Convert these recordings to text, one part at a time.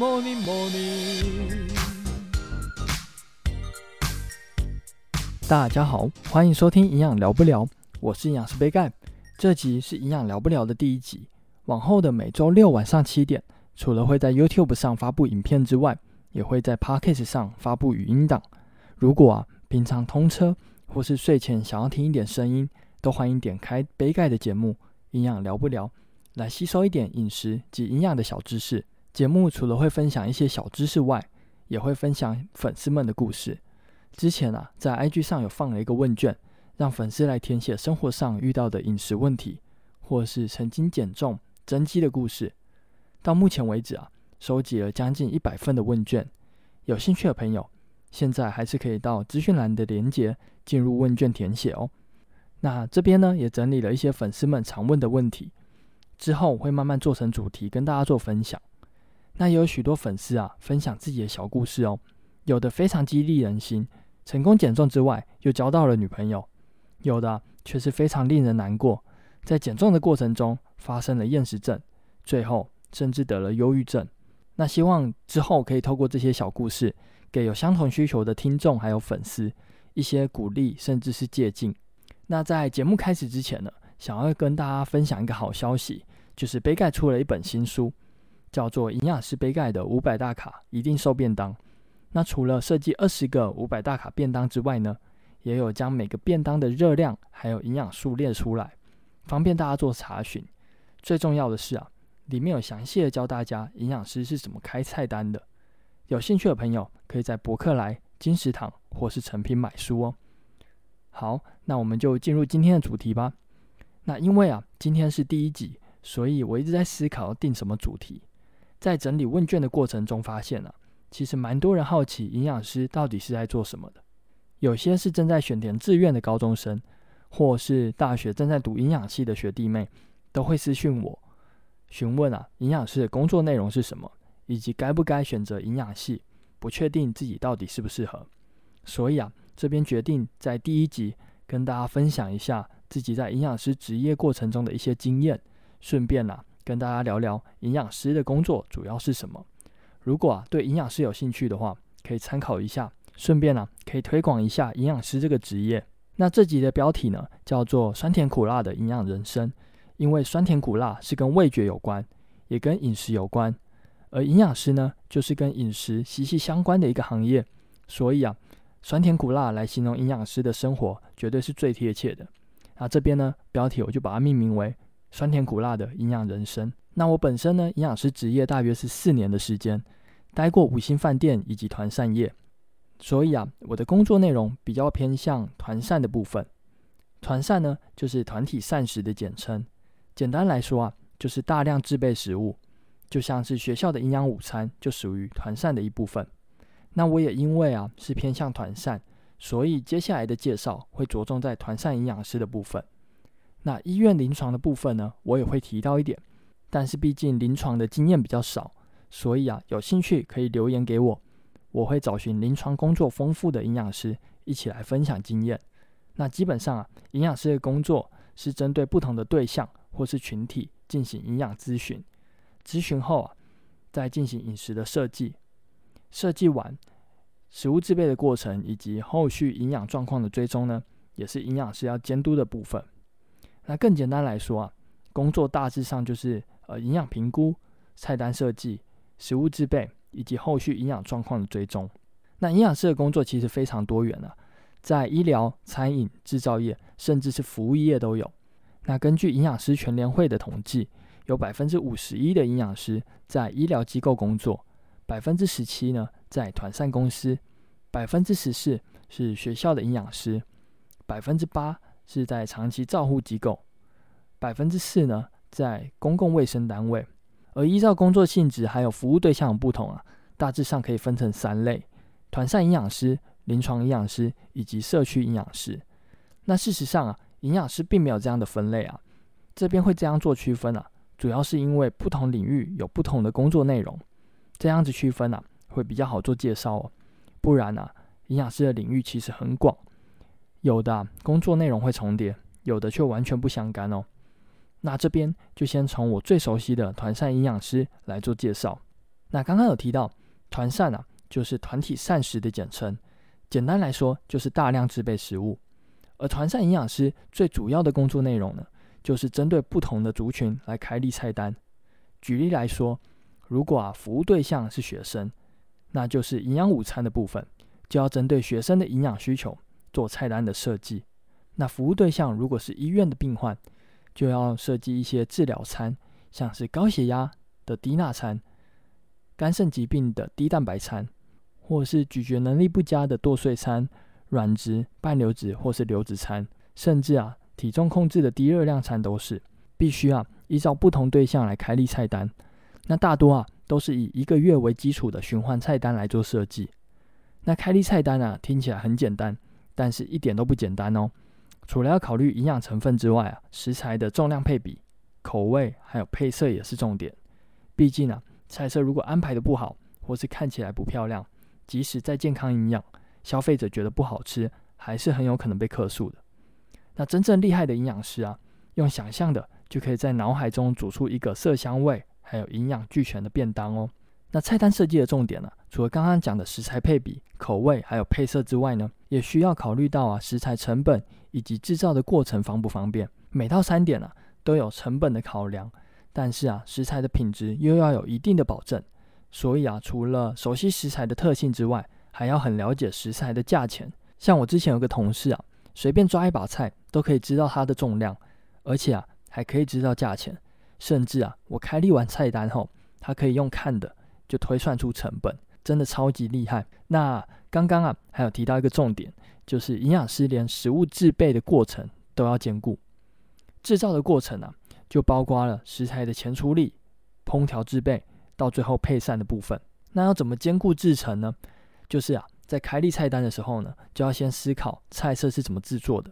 Morning, morning！大家好，歡迎收聽《營養聊不聊》，我是營養師杯蓋。這集是《營養聊不聊》的第一集。往後的每周六晚上七點，除了會在 YouTube 上發布影片之外，也會在 Podcast 上發布語音檔。如果啊，平常通車或是睡前想要聽一點聲音，都歡迎點開杯蓋的節目《營養聊不聊》，來吸收一點飲食及營養的小知識。節目除了會分享一些小知識外，也會分享粉絲們的故事。之前啊，在 IG 上有放了一個問卷，讓粉絲來填寫生活上遇到的飲食問題，或是曾經減重、增肌的故事。到目前為止啊，收集了將近一百份的問卷。有興趣的朋友，現在還是可以到資訊欄的鏈接進入問卷填寫哦。那這邊呢，也整理了一些粉絲們常問的問題，之後我會慢慢做成主題跟大家做分享。那也有許多粉絲啊，分享自己的小故事哦，有的非常激勵人心，成功減重之外，又交到了女朋友；有的卻是非常令人難過，在減重的過程中發生了厭食症，最後甚至得了憂鬱症。那希望之後可以透過這些小故事，給有相同需求的聽眾還有粉絲一些鼓勵，甚至是借鏡。那在節目開始之前呢，想要跟大家分享一個好消息，就是杯蓋出了一本新書。叫做營養師杯蓋的五百大卡一定瘦便當。那除了設計二十個五百大卡便當之外呢，也有將每個便當的熱量還有營養素列出來，方便大家做查詢。最重要的是啊，裡面有詳細的教大家營養師是怎麼開菜單的。有興趣的朋友可以在博客來、金石堂或是誠品買書哦。好，那我們就進入今天的主題吧。那因為啊，今天是第一集，所以我一直在思考定什麼主題。在整理問卷的過程中，發現啊，其實蠻多人好奇營養師到底是在做什麼的。有些是正在選填志願的高中生，或是大學正在讀營養系的學弟妹，都會私訊我，詢問啊營養師的工作內容是什麼，以及該不該選擇營養系，不確定自己到底適不適合。所以啊，這邊決定在第一集跟大家分享一下自己在營養師職業過程中的一些經驗，順便啊。跟大家聊聊營養師的工作主要是什麼？如果啊，對營養師有興趣的話，可以參考一下，順便呢啊，可以推廣一下營養師這個職業。那這集的標題呢叫做“酸甜苦辣的營養人生”，因為酸甜苦辣是跟味覺有關，也跟飲食有關，而營養師呢就是跟飲食息息相關的一個行業，所以啊酸甜苦辣來形容營養師的生活絕對是最貼切的。那這邊呢標題我就把它命名為。酸甜苦辣的營養人生。那我本身呢，營養師職業大約是四年的時間，待過五星飯店以及團膳業，所以啊，我的工作內容比較偏向團膳的部分。團膳呢，就是團體膳食的簡稱。簡單來說啊，就是大量製備食物，就像是學校的營養午餐，就屬於團膳的一部分。那我也因為啊，是偏向團膳，所以接下來的介紹會着重在團膳營養師的部分。那醫院臨床的部分呢，我也會提到一點，但是畢竟臨床的經驗比較少，所以啊，有興趣可以留言給我，我會找尋臨床工作豐富的營養師一起來分享經驗。那基本上啊，營養師的工作是針對不同的對象或是群體進行營養諮詢，諮詢後啊，再進行飲食的設計，設計完食物制備的過程以及後續營養狀況的追蹤呢，也是營養師要監督的部分。那更簡單來說啊，工作大致上就是呃營養評估、菜單設計、食物制備以及後續營養狀況的追蹤。那營養師的工作其實非常多元了啊，在醫療、餐飲、制造業，甚至是服務業都有。那根據營養師全聯會的統計，有百分之五十一的營養師在醫療機構工作，百分之十七呢在團膳公司，百分之十四是學校的營養師，百分之八。是在長期照護機構，百分之四呢在公共衛生單位，而依照工作性質還有服務對象的不同啊，大致上可以分成三類：團膳營養師、臨床營養師以及社區營養師。那事實上啊，營養師並沒有這樣的分類啊，這邊會這樣做區分啊，主要是因為不同領域有不同的工作內容，這樣子區分啊，會比較好做介紹哦。不然呢、啊，營養師的領域其實很廣。有的啊，工作內容會重疊，有的卻完全不相干哦。那這邊就先從我最熟悉的團膳營養師來做介紹。那剛剛有提到，團膳啊，就是團體膳食的簡稱，簡單來說就是大量制備食物。而團膳營養師最主要的工作內容呢，就是針對不同的族群來開立菜單。舉例來說，如果啊服務對象是學生，那就是營養午餐的部分，就要針對學生的營養需求。做菜單的設計，那服務對象如果是醫院的病患，就要設計一些治療餐，像是高血壓的低鈉餐、肝腎疾病的低蛋白餐，或是咀嚼能力不佳的剁碎餐、軟質、半流質或是流質餐，甚至啊體重控制的低熱量餐都是必須啊依照不同對象來開立菜單。那大多啊都是以一個月為基礎的循環菜單來做設計。那開立菜單啊聽起來很簡單。但是一點都不簡單哦，除了要考慮營養成分之外啊，食材的重量配比、口味，還有配色也是重點。畢竟啊，菜色如果安排的不好，或是看起來不漂亮，即使再健康營養，消費者覺得不好吃，還是很有可能被客訴的。那真正厲害的營養師啊，用想象的就可以在腦海中煮出一個色香味還有營養俱全的便當哦。那菜單設計的重點呢、啊，除了剛剛講的食材配比、口味，還有配色之外呢，也需要考慮到啊，食材成本以及製造的過程方不方便。每套餐點呢、啊，都有成本的考量。但是啊，食材的品質又要有一定的保證。所以啊，除了熟悉食材的特性之外，還要很了解食材的價錢。像我之前有個同事啊，隨便抓一把菜都可以知道它的重量，而且啊，還可以知道價錢。甚至啊，我開立完菜單後，他可以用看的。就推算出成本，真的超級厲害。那剛剛啊，還有提到一個重點，就是營養師連食物製備的過程都要兼顧。製造的過程啊，就包括了食材的前處理、烹調製備，到最後配膳的部分。那要怎麼兼顧製程呢？就是啊，在開立菜單的時候呢，就要先思考菜色是怎麼制作的。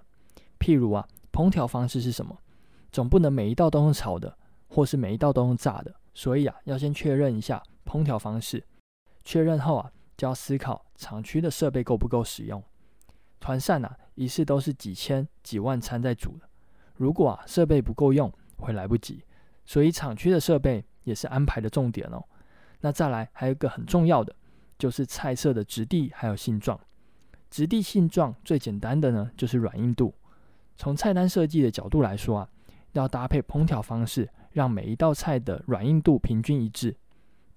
譬如啊，烹調方式是什麼？總不能每一道都用炒的，或是每一道都用炸的。所以啊，要先確認一下。烹調方式確認後啊，就要思考廠區的設備夠不夠使用。團膳吶、啊，一次都是幾千、幾萬餐在煮的，如果啊設備不夠用，會來不及。所以廠區的設備也是安排的重點哦。那再來還有一個很重要的，就是菜色的質地還有性狀。質地性狀最簡單的呢，就是軟硬度。從菜單設計的角度來說啊，要搭配烹調方式，讓每一道菜的軟硬度平均一致。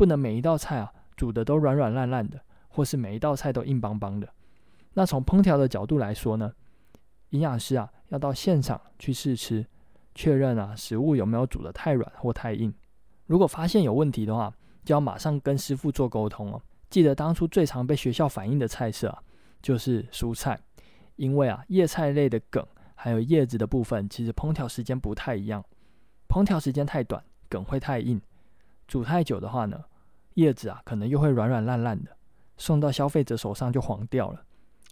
不能每一道菜啊煮的都軟軟爛爛的，或是每一道菜都硬邦邦的。那從烹調的角度來說呢，營養師啊要到現場去試吃，確認啊食物有沒有煮得太軟或太硬。如果發現有問題的話，就要馬上跟師傅做溝通哦。記得當初最常被學校反映的菜色啊，就是蔬菜，因為啊葉菜類的梗還有葉子的部分，其實烹調時間不太一樣。烹調時間太短，梗會太硬；煮太久的話呢，葉子啊，可能又會軟軟爛爛的，送到消費者手上就黃掉了，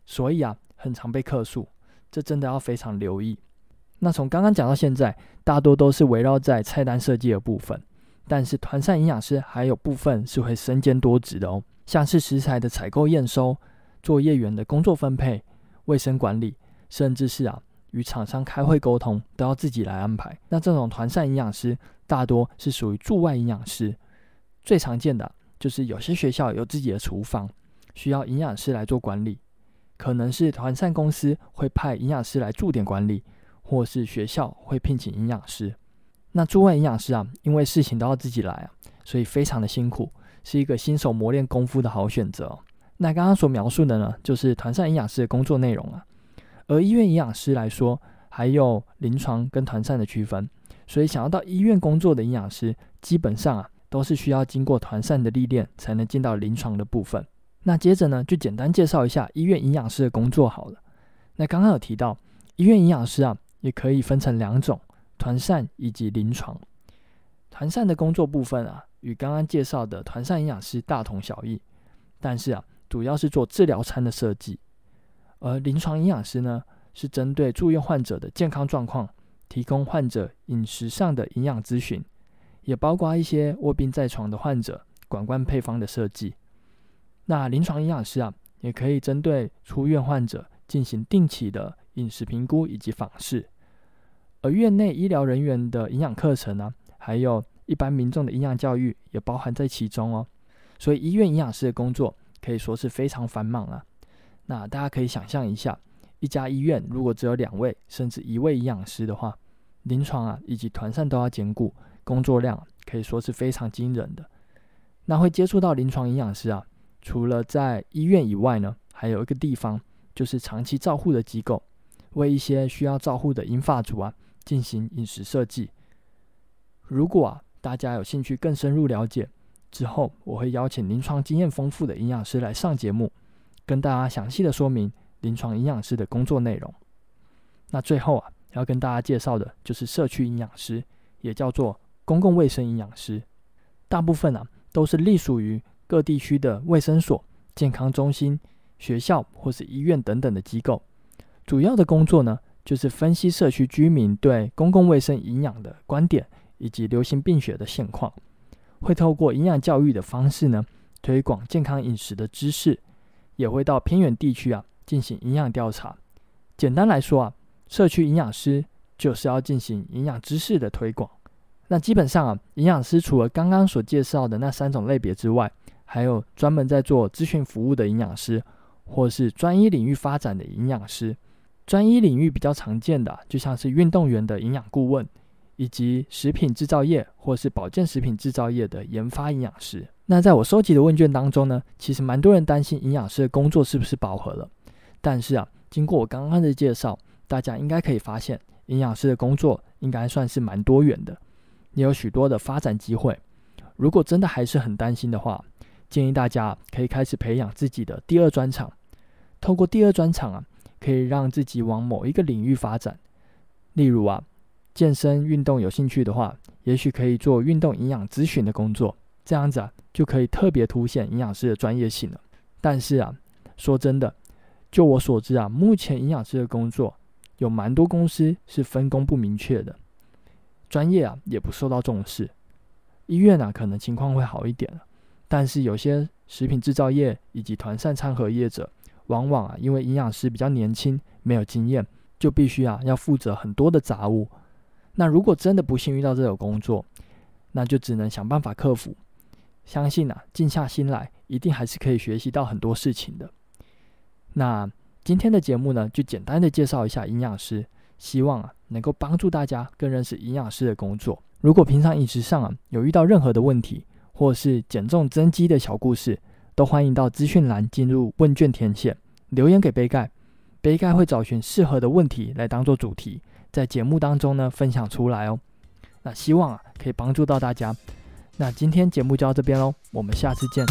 所以啊，很常被客訴。這真的要非常留意。那從剛剛講到現在，大多都是圍繞在菜單設計的部分，但是團膳營養師還有部分是會身兼多職的哦，像是食材的採購驗收、作業員的工作分配、衛生管理，甚至是啊，與廠商開會溝通，都要自己來安排。那這種團膳營養師大多是屬於駐外營養師。最常見的啊，就是有些學校有自己的廚房，需要營養師來做管理。可能是團膳公司會派營養師來駐點管理，或是學校會聘請營養師。那駐外營養師啊，因為事情都要自己來啊，所以非常的辛苦，是一個新手磨練功夫的好選擇哦。那剛剛所描述的呢，就是團膳營養師的工作內容啊。而醫院營養師來說，還有臨床跟團膳的區分，所以想要到醫院工作的營養師，基本上啊。都是需要經過團膳的歷練，才能進到臨床的部分。那接着呢，就簡單介紹一下醫院營養師的工作好了。那剛剛有提到，醫院營養師啊，也可以分成兩種：團膳以及臨床。團膳的工作部分啊，與剛剛介紹的團膳營養師大同小異，但是啊，主要是做治療餐的設計。而臨床營養師呢，是針對住院患者的健康狀況，提供患者飲食上的營養諮詢。也包括一些臥病在床的患者，管灌配方的設計。那臨床營養師啊，也可以針對出院患者進行定期的飲食評估以及訪視。而院內醫療人員的營養課程呢、啊，還有一般民眾的營養教育，也包含在其中哦。所以醫院營養師的工作可以說是非常繁忙啊。那大家可以想象一下，一家醫院如果只有兩位甚至一位營養師的話，臨床啊以及團膳都要兼顧。工作量可以說是非常驚人的。那會接觸到臨床營養師啊，除了在醫院以外呢，還有一個地方就是長期照護的機構，為一些需要照護的銀髮族啊，進行飲食設計。如果啊大家有興趣更深入了解，之後我會邀請臨床經驗豐富的營養師來上節目，跟大家詳細地說明臨床營養師的工作內容。那最後啊，要跟大家介紹的就是社區營養師，也叫做。公共衛生營養師，大部分啊都是隸屬於各地區的衛生所、健康中心、學校或是醫院等等的機構。主要的工作呢，就是分析社區居民對公共衛生營養的觀點以及流行病學的現況。會透過營養教育的方式呢，推廣健康飲食的知識，也會到偏遠地區啊進行營養調查。簡單來說啊，社區營養師就是要進行營養知識的推廣。那基本上啊，營養師除了剛剛所介紹的那三種類別之外,還有專門在做諮詢服務的營養師，或是專一領域發展的營養師。專一領域比較常見的啊，就像是運動員的營養顧問，以及食品製造業或是保健食品製造業的研發營養師。那在我收集的問卷當中呢，其實蠻多人擔心營養師的工作是不是飽和了。但是啊，經過我剛剛的介紹，大家應該可以發現，營養師的工作應該算是蠻多元的。也有許多的發展機會。如果真的還是很擔心的話，建議大家可以開始培養自己的第二專長。透過第二專長啊，可以讓自己往某一個領域發展。例如啊，健身運動有興趣的話，也許可以做運動營養諮詢的工作。這樣子啊，就可以特別凸顯營養師的專業性了。但是啊，說真的，就我所知啊，目前營養師的工作有蠻多公司是分工不明確的。專業啊，也不受到重視，醫院啊可能情況會好一點，但是有些食品製造業以及團膳餐盒業者，往往啊因為營養師比較年輕沒有經驗，就必須啊要負責很多的雜物。那如果真的不幸遇到這種工作，那就只能想辦法克服。相信啊靜下心來，一定還是可以學習到很多事情的。那今天的節目呢，就簡單的介紹一下營養師，希望啊。能夠幫助大家更認識營養師的工作。如果平常飲食上啊有遇到任何的問題，或是減重增肌的小故事，都歡迎到資訊欄進入問卷填寫，留言給杯蓋，杯蓋會找尋適合的問題來當做主題，在節目當中呢分享出來哦。那希望啊可以幫助到大家。那今天節目就到這邊嘍，我們下次見。